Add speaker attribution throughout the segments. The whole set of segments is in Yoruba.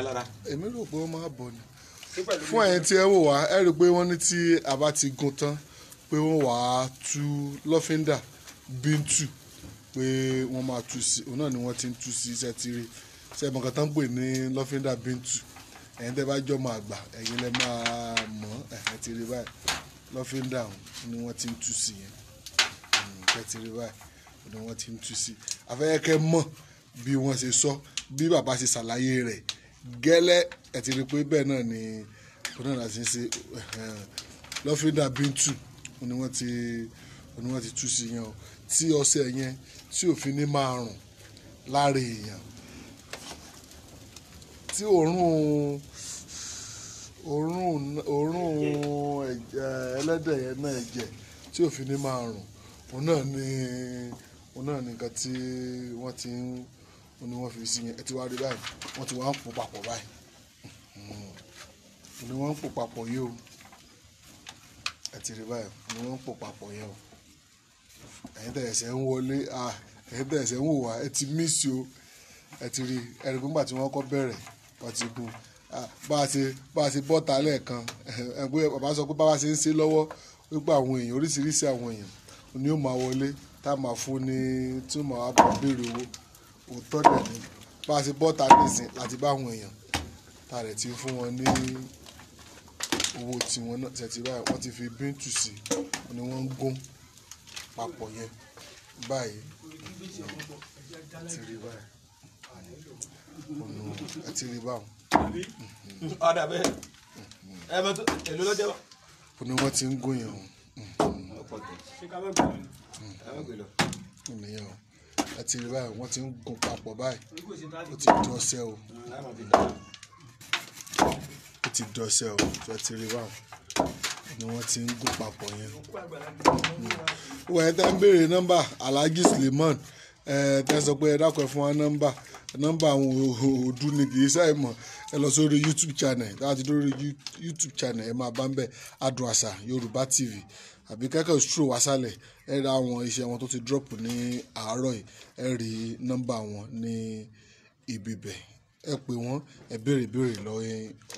Speaker 1: lára. èmi rò pé ó máa bọ̀ ni fún ẹ̀yin tí ẹ wò wá ẹ rí i pé wọ́n ní tí a bá ti gun tán pé wọ́n wà á tú lọ́fíńdà bíntù pé wọ́n máa tú sí òun náà ni wọ́n ti ń tú sí iṣẹ́ tirẹ̀ ṣe ẹ̀mọ̀ kan tán pè ní lọ́fíńdà bíntù ẹ̀yin tẹ́ bá jọmọ àgbà ẹ̀yin lẹ máa mọ̀ ẹ̀yin ti rí báyìí lọ́fíńdà ni wọ́n ti ń tú sí yẹn hmm, ẹ̀yin báyìí ni wọ́n ti ń tú sí afẹ́yẹ́kẹ́ mọ̀ bí wọ́n ṣe sọ bí bàbá ṣe ṣàlàyé rẹ̀ gẹ́lẹ́ ẹ̀ ti rí i pé bẹ́ẹ̀ náà ni bọ́dọ̀ náà ti ń ṣe lọ́fíńdà bíntù ni wọ́n ti ni wọ́n ti tú sí yẹn o tí ọṣẹ yẹn tí òfin ní máa rùn lára èèyàn tí òórùn òórùn òórùn ẹlẹ́dẹ̀ yẹn náà ẹ̀jẹ̀ tí òfin ní máa rùn òun náà ni òun náà ni nǹkan tí wọ́n ti ń ó ní wọ́n fi sí yẹn ẹ ti wá rí báyìí wọ́n ti wá ń pò papọ̀ báyìí ó ní wọ́n ń pò papọ̀ yìí o ẹ ti rí báyìí ó ní wọ́n ń pò papọ̀ yẹn o ẹ̀yin tẹ̀ ẹ̀sẹ̀ ń wọlé ẹ̀yin tẹ̀ ẹ̀sẹ̀ ń wò wá ẹ ti mísì o ẹ ti rí ẹ̀rí pé nígbà tí wọ́n kọ́ bẹ̀rẹ̀ wọ́n ti gùn bá a ṣe bá a ṣe bọ́ta lẹ́ẹ̀kan ẹ̀gbẹ́ bàbá sọ pé bàbá ṣe ń ṣe lọ́wọ́ wípé àwọn èèyàn oríṣiríṣi àwọn èèyàn ni ó máa wọlé tá a máa fún ní tí ó máa béèrè owó òótọ́ dẹ̀ ni bá a ṣe bọ́ ta nísìn láti bá àwọn èèyàn ta rẹ̀ ti fún wọn ní owó tiwọn náà tẹ̀ ti báyìí wọ́n ti fi bíntù sí ni wọ́n ń gún papọ̀ yẹn báyìí ti rí báyìí ọ̀nà ẹ ti rí báwọn. ọ̀dà ẹ mọ èlò lọ́jọ́ wa. ó ní ti ń gún yẹn o. ṣé ká má gbé lọ. ó hmm. nìyẹn àti rí báyìí wọ́n ti ń gun papọ̀ báyìí ó ti dọ́sẹ̀ o ó ti dọ́sẹ̀ o tó ti rí báyìí ni wọ́n ti ń gun papọ̀ yẹn. wọ́n ẹ̀ tẹ́ ń béèrè nọ́mbà Alhaji Suleiman tẹ́ sọ pé ẹ dákọ̀ ẹ fún wa nọ́mbà nọ́mbà àwọn òdu ni kì í sáì mọ̀ ẹ lọ sórí YouTube channel láti dórí YouTube channel ẹ máa bá ń bẹ̀ Adùn Àṣà Yorùbá TV àbí kẹ́kẹ́ stroll wá sálẹ̀ ẹ rí àwọn iṣẹ́ wọn tó ti drop ní àárọ̀ yìí ẹ rí nọ́mbà wọn ní ibi bẹ̀ ẹ pè wọ́n ẹ béèrè béèrè lọ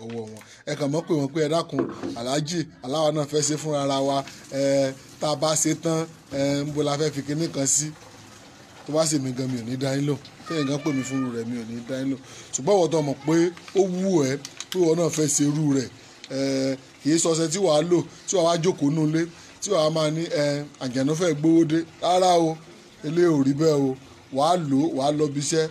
Speaker 1: ọwọ́ wọn ẹ kàn mọ́ pé wọ́n pé ẹ dákun aláàjì aláwa náà fẹ́ ṣe fúnra ara wa ẹ tá a bá ṣe tán ẹ ń bo la fẹ́ fi kinní kan sí tó bá sì mí gan mi ò ní dání lò tẹ́yìn gan pè mí fúnru rẹ̀ mi ò ní dání lò ṣùgbọ́n wọ́n tó mọ̀ pé ó wù ẹ́ pé wọ́n náà fẹ́ ṣerú rẹ̀ ẹ kì í sọ ọṣẹ tí wàá lò tí wàá wá jókòó nulẹ̀ tí wàá máa ní ẹ àjànà fẹ́ gbowó dé rárá o eléyìí ò rí bẹ́ẹ̀ o wàá lò ó wàá lọ bí iṣẹ́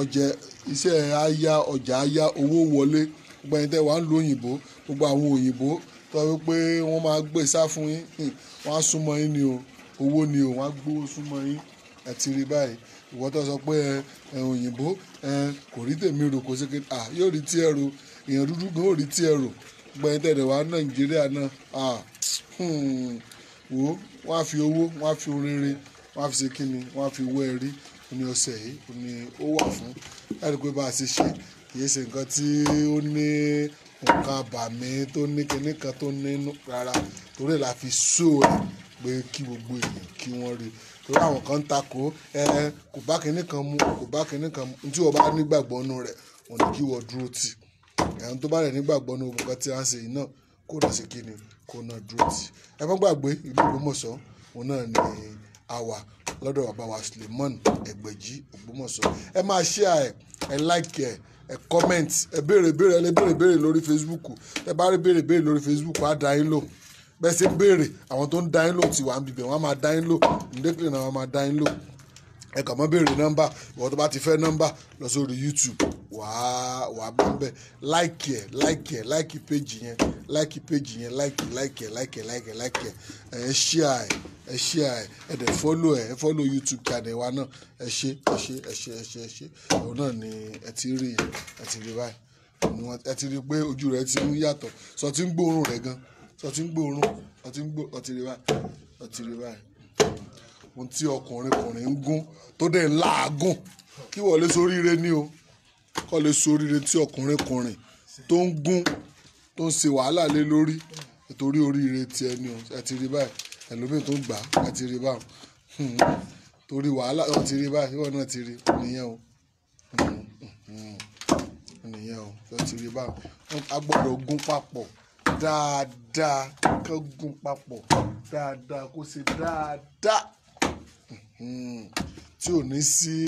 Speaker 1: ọjà iṣẹ́ àyà ọjà àyà owó wọlé gbogbo ẹni tẹ́ wàá ń lo òyìnbó gbogbo àwọn òyìnbó tó wí pé wọ́n máa gbé sá fún yín hmm, wọ́n á súnmọ́ yín ni o owó ni o wọ́n á gbówó súnmọ́ yín ẹ̀ ti rí báyìí ìwọ tó sọ pé ẹ òyìnbó ẹ kò rí tèmi rò kò sékè à yóò rí tiẹ̀ rò èèyàn dúdú gan ò rí tiẹ̀ rò gbogbo ẹni tẹ́ Nàìjíríà náà à hmm, wo wọ́n á fi owó wọ́n á fi orere wọ́n á fi ṣe kíni wọ́n á fi wọ́ ẹ̀rí ní ọ̀sẹ̀ yìí ni ó wà fún láti pé bá a ṣe ṣe kì í ṣe nǹkan tí ó ní nǹkan àbàmì tó ní kíní kan tó nínú rárá torí la fi ṣó ẹ̀ pé kí gbogbo èèyàn kí wọ́n rí torí àwọn kan ń takò ẹ kò bá kíní kan mu kò bá kíní kan mu tí wọ́n bá nígbàgbọ́ nù rẹ̀ òun kí wọ́n dúró tì ẹ̀hún tó bá rẹ̀ nígbàgbọ́ nù gbogbo tí a ń ṣe yìí náà kó náà ṣe kí ni kó náà dúró tì ẹ má gbàgbé ìlú Ògbómọ̀ṣọ́ òun náà ni àwà lọ́dọ̀ bàbá wa Suleiman Ẹgbẹ̀jì Ògbómọ̀ṣọ́ ẹ máa share ẹ ẹ like ẹ ẹ comment ẹ béèrè béèrè ẹ lè béèrè béèrè lórí Facebook ẹ bá rí béèrè béèrè lórí Facebook á dá yín lò bẹ́ẹ̀ ṣe ń béèrè àwọn tó ń dá yín lò ti wà ń bibẹ̀ wọ́n á máa dá yín lò ǹdẹ́kìlẹ̀ náà wọ́n á máa dá yín lò ẹ kàn mọ́ béèrè nọ́mbà ìwọ́n tó bá ti fẹ́ nọ́mbà lọ sórí YouTube wàá wàá bá ń bẹ̀ láìkì ẹ̀ láìkì ẹ̀ láìkì péjì yẹn láìkì péjì yẹn láìkì láìkì ẹ̀ láìkì ẹ̀ láìkì ẹ̀ láìkì ẹ̀ ẹ̀ ṣíà ẹ̀ ẹ̀ ṣíà ẹ̀ ẹ̀ dẹ̀ fọ́lò ẹ̀ ẹ̀ fọ́lò YouTube channel wa náà ẹ̀ ṣe ẹ̀ ṣe ẹ̀ ṣe ẹ̀ ṣe ẹ̀ ṣe òun náà ni ẹ̀ ti rí ẹ̀ ti rí báyìí ẹ̀ ti rí pé ojú rẹ̀ ti ń yàtọ̀ sọ ti ń gbóòórùn rẹ̀ gan sọ ti ń gbóòórùn ọ ti ń gbó ọ ti rí báyìí ọ ti rí báyìí ohun tí ọkùnrin kùnrin ń gún tó dẹ̀ ń láàgùn kí wọlé sóríire ní o kọ́ lè so oríire tí ọkùnrin kùnrin tó ń gún tó ń ṣe wàhálà lé lórí torí oríire ti ẹni o ẹ ti rí báyìí ẹlòmíì tó ń gbà á rí báyìí hmm. torí wàhálà ẹ rí báyìí ìwọ náà ti rí nìyẹn o hmm. Hmm. nìyẹn o ẹ ti rí báyìí a gbọ́dọ̀ gún papọ̀ dáadáa kán gún papọ̀ dáadáa kó ṣe dáadáa tí ò ní sí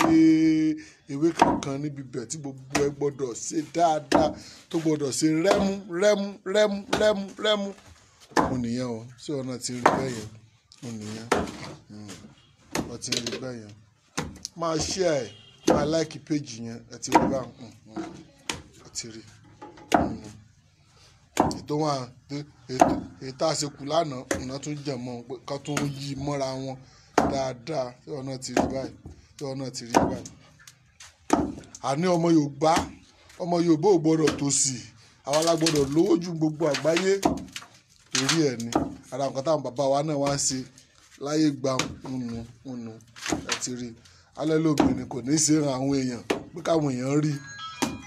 Speaker 1: ewé kankan níbi bẹ̀ tí gbogbo ẹ gbọ́dọ̀ ṣe dáadáa tó gbọ́dọ̀ ṣe rẹ́mú rẹ́mú rẹ́mú rẹ́mú rẹ́mú mo nìyẹn o ṣé ọ̀nà ti rí bẹ́ẹ̀ yẹn mo nìyẹn hmm. ọ̀ ti rí bẹ́ẹ̀ yẹn máa share máa like page yẹn ẹ ti rí báwọn ẹ hmm, hmm. ti rí ètò wọn ètò ètò àṣekù lánàá ìná tún jẹ mọ́ kan tún yí mọ́ra wọn dáadáa tí wọn náà ti rí báyìí tí wọn náà ti rí báyìí. àní ọmọ Yorùbá ọmọ Yorùbá ò gbọdọ̀ tòṣì àwa la gbọdọ̀ lówó ju gbogbo àgbáyé torí ẹ̀ ni ara nǹkan táwọn bàbá wa náà wá ń ṣe láyé gba nùnú nùnú ẹ ti rí alẹ́ lóbìnrin kò ní í ṣe ran àwọn èèyàn pé káwọn èèyàn rí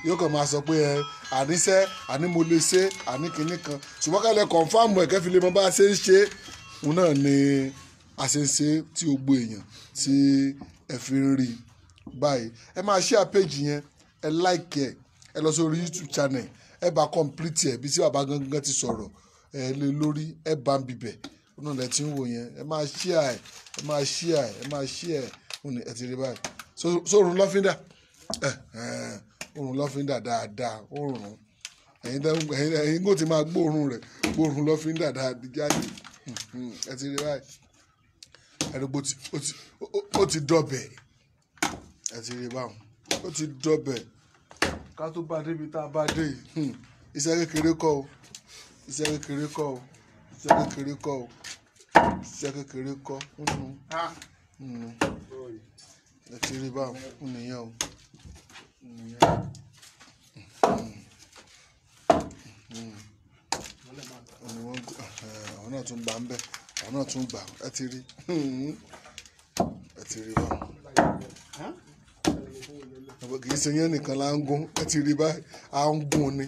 Speaker 1: yóò kàn máa sọ pé ẹ àníṣe àní mo lè ṣe àní kinní kan ṣùgbọ́n kálẹ̀ kọ̀ǹfàmù ẹ̀ kẹ́fì lè mọ bá a ṣe ń ṣe òun náà ni a ṣe ń ṣe tí gbogbo èèyàn tí ẹ fi ń rí báyìí ẹ máa share page yẹn ẹ like ẹ ẹ lọ sórí YouTube channel ẹ bá complete ẹ bí tí bàbá gangan ti sọ̀rọ̀ ẹ lé lórí ẹ bá ń bibẹ̀ ọ̀nà ilẹ̀ tí ń wò yẹn ẹ máa share ẹ ẹ máa share ẹ ẹ máa share ẹ ẹ ti rí báyìí sórun lọ́fíńdà òrùn lọ́fíńdà dáadáa òrùn ẹ̀yin kò ti máa gbóòórùn rẹ̀ gbóòórùn lọ́fíńdà dáadáa jáde hmm, hmm, ẹ ti rí báyìí ẹ̀rọ̀gbọ́ ó ti dọ̀bẹ̀ ẹ̀ ti rí báwọn ó ti dọ̀bẹ̀ ká tó bá débi tá a bá dé yìí hmm, iṣẹ́ kékeré kọ́ o iṣẹ́ kékeré kọ́ o iṣẹ́ kékeré kọ́ o iṣẹ́ kékeré kọ́ ẹ ti rí báwọn nìyẹn o nìyẹn o. Hmm. Hmm. Eh, àwọn náà tún bá ń bẹ̀ àwọn náà tún gbà ẹ ti rí hmm. ẹ ti rí báwọn kì í ṣe yẹn nìkan la ń gún ẹ ti rí báyìí à ń gún ni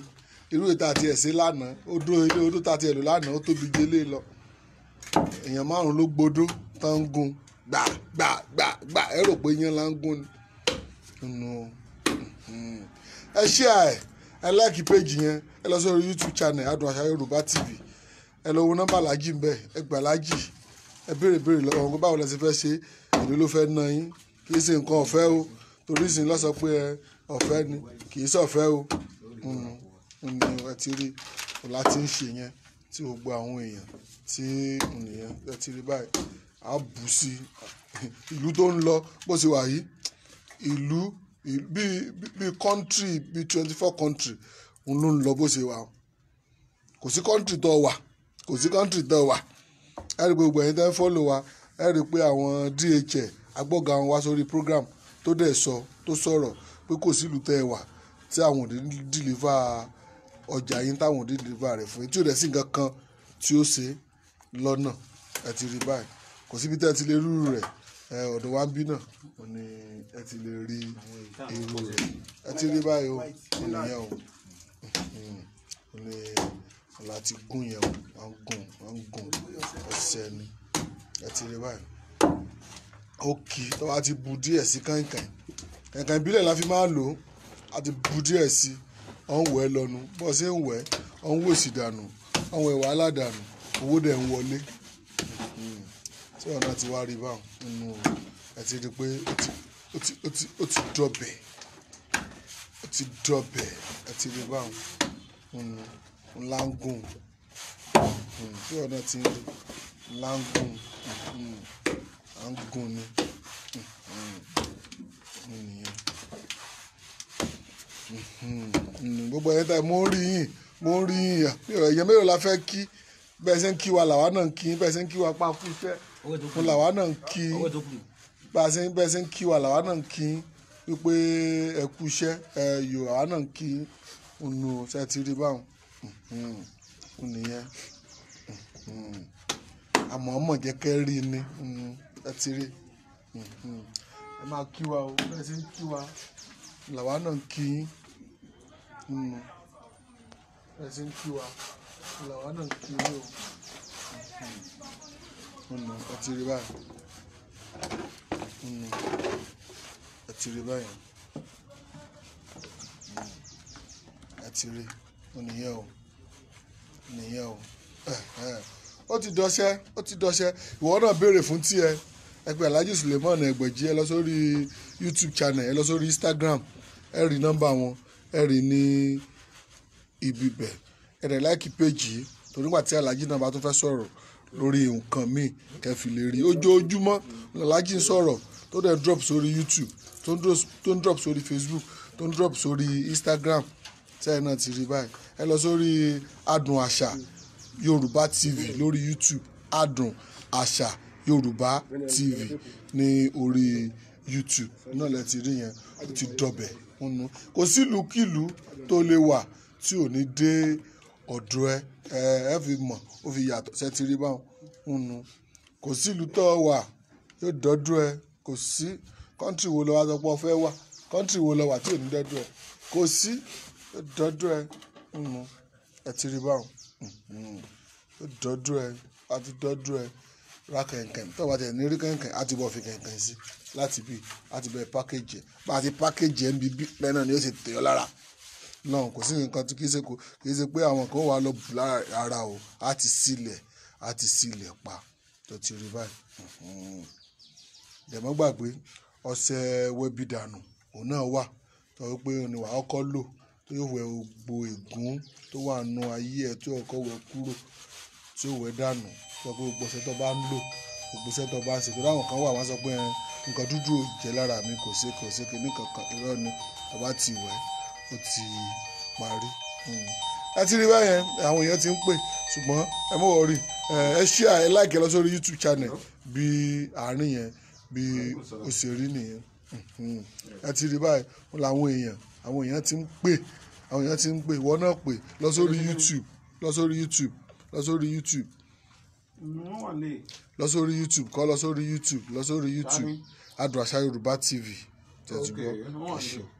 Speaker 1: irú ìta tiẹ̀ sí lánàá ó dúró ilé odó ta tiẹ̀ lò lánàá ó tóbi délé lọ èèyàn márùn-ún ló gbódó tá ń gún gbà gbà gbà gbà ẹ rò pé yẹn la ń gún ni hmm. ẹ ṣí ẹ ẹ láìkí péjì yẹn ẹ lọ sórí YouTube channel Adùn Àṣà Yorùbá TV ẹ lọ wo nọ́mbà alájì ń bẹ ẹ gbà alájì ẹ béèrè béèrè lọ́wọ́ pé báwo lẹ ti ṣe èlò ló fẹ́ ná yín kì í ṣe nǹkan ọ̀fẹ́ o torí ìsìn lọ́sọ pé ẹ ọ̀fẹ́ ni kì í ṣọ̀fẹ́ o hmm, ní ẹ ti rí o láti ń ṣe yẹn tí gbogbo àwọn èèyàn tí nìyẹn ẹ ti rí báyìí á bù sí ìlú tó ń lọ bó ṣe wà yìí ìlú bíi bíi bíi twenty four country, ń ló ń lọ bó ṣe wà kò sí kọ́ńtì tó wà kò sí country tán wà ẹ rí gbogbo ẹ̀yin tẹ́ ń fọ́lò wa ẹ rí i pé àwọn DHL agbọ́ga wọn wá sórí program tó dẹ̀ sọ tó sọ̀rọ̀ pé kò sílùú tẹ́ ẹ wà tí àwọn ò ní dìlífà ọjà yín táwọn ò ní dìlífà rẹ̀ fún yín tí ò dẹ̀ sí nǹkan kan tí ó ṣe lọ́nà ẹ ti rí báyìí kò síbi tẹ́ ẹ ti lè rúurú rẹ̀ ẹ ọ̀dọ̀ wa ń bí náà wọ́n ní ẹ ti lè rí irú rẹ̀ ẹ ti rí báyìí o ènìyàn o ní láti gún yẹn o máa ń gùn máa ń gùn ẹsẹ̀ ni ẹ ti rí báyìí ó kì í tó bá ti bu díẹ̀ sí kànkàn kànkàn ìbílẹ̀ la fi máa lò ó a ti bu díẹ̀ sí ọ̀n wẹ̀ lọ́nu bọ́ ṣe ń wẹ̀ ọ̀n wòsì dànù ọ̀n wẹ̀ wàhálà dànù owó dẹ̀ ń wọlé hmm. tí ọ̀nà ti wá rí báwọn nínú ẹ ti rí pé ó ti dọ̀bẹ̀ ó ti dọ̀bẹ̀ ẹ ti rí báwọn nínú láńgùn tí ọ̀nà ti ń láńgùn láńgùn ni nìyẹn hmm, hmm, hmm, gbogbo ẹni tẹ mo ń rí yìn mo ń rí yìn ẹ̀yẹ mélòó la fẹ́ kí bẹ́ẹ̀ ṣe ń kí wa làwa náà ń kí bẹ́ẹ̀ ṣe ń kí wa pa kú iṣẹ́ fún làwa náà ń kí bẹ́ẹ̀ ṣe ń kí wa làwa náà ń kí wípé ẹ kú iṣẹ́ ẹ yòó àwa náà ń kí ònà ṣe ti rí báwọn fún nìyẹn àmọ́ ọmọ jẹ́ kẹ́ rí ni ẹ ti rí ẹ máa kí wa o bẹ́ẹ̀ sì ń kí wa làwa náà ń kí yín bẹ́ẹ̀ sì ń kí wa làwa náà ń kí yín o ẹ ti rí báyìí ẹ ti rí báyìí ẹ ti rí nìyẹn o nìyẹn o ó ti dọṣẹ́ ó ti dọṣẹ́ ìwọ náà béèrè fún tiẹ̀ ẹ pé Alhaji Suleiman Ẹgbẹ̀jì ẹ lọ sórí YouTube channel ẹ lọ sórí Instagram ẹ rí nọ́mbà wọn ẹ rí ní ibi bẹ̀ ẹ rẹ̀ láìkí péjì yìí torí nígbà tí Alhaji náà bá tún fẹ́ sọ̀rọ̀ lórí nǹkan míì kẹfì lè rí ojoojúmọ́ Alhaji ń sọ̀rọ̀ tó dẹ̀ drop sórí YouTube tó ń drop sórí Facebook tó ń drop sórí Instagram tẹ́ ẹ náà ti rí báyìí ẹ lọ sórí adùn àṣà yorùbá tv lórí youtube adùn àṣà yorùbá tv ní orí youtube náà lẹ ti rí yẹn ó ti dọbẹ̀ nínú kò sílùkìlù tó lè wà tí ò ní dé ọ̀dọ̀ ẹ ẹ ẹ fi mọ̀ ó fi yàtọ̀ ṣe ti rí báwọn nínú kò sílù tó wà yóò dọ́dọ̀ ẹ kò sí kọ́ńtì wo lọ wá sọ pé ọ wà kọ́ńtì wo lọ wà tí ò ní dọ́dọ̀ ẹ kò sí dọ́dọ̀ ẹ ẹ ti rí báwọn dọ́dọ̀ ẹ àti dọ́dọ̀ ẹ ra kẹ̀kẹ́ tó bá tẹ̀ ní rí kẹ̀kẹ́ àti bọ̀ fi kẹ̀kẹ́ sí láti bí àti bẹ̀rẹ̀ pákéjì bá a ti pákéjì ẹ̀ ń bí bẹ́ẹ̀ náà ni ó sì tẹ̀yọ́ lára náà kò sí nǹkan tí kì í ṣe kò kì í ṣe pé àwọn kan wà lọ bù lára o a ti sílẹ̀ a ti sílẹ̀ pa tó ti rí báyìí dẹ̀mọ́ gbàgbé ọṣẹ wẹ́bí dànù òun náà wà tó wípé òun ni wàá kọ́ lò tó yóò wẹ gbogbo ègún tó wà nù ayé ẹ tó ọkọ wẹ kúrò tí ó wẹ dànù sọ pé gbogbo ọṣẹ bá ń lò gbogbo ọṣẹ bá ń ṣe tó kan wà wá sọ pé nǹkan dúdú ò jẹ lára mi kò ṣe kò ṣe kìíní kankan irọ́ ni tó ti wẹ ó ti parí láti hmm. rí báyẹn àwọn èèyàn ti ń pè ṣùgbọ́n ẹ mọ̀ wọ́ọ̀rì ẹ ṣíà ẹ lọ sórí YouTube channel bí àárín yẹn bí ó ṣe nìyẹn. Hmm. ẹ ti rí báyìí wọn làwọn èèyàn àwọn èèyàn ti ń pè àwọn èèyàn ti ń pè wọn náà pè lọ sórí YouTube lọ sórí YouTube lọ sórí YouTube lọ sórí YouTube kọ́ lọ sórí YouTube lọ sórí YouTube Adùn Àṣà Yorùbá TV
Speaker 2: tẹ̀síwọ́ ẹ̀ṣẹ̀.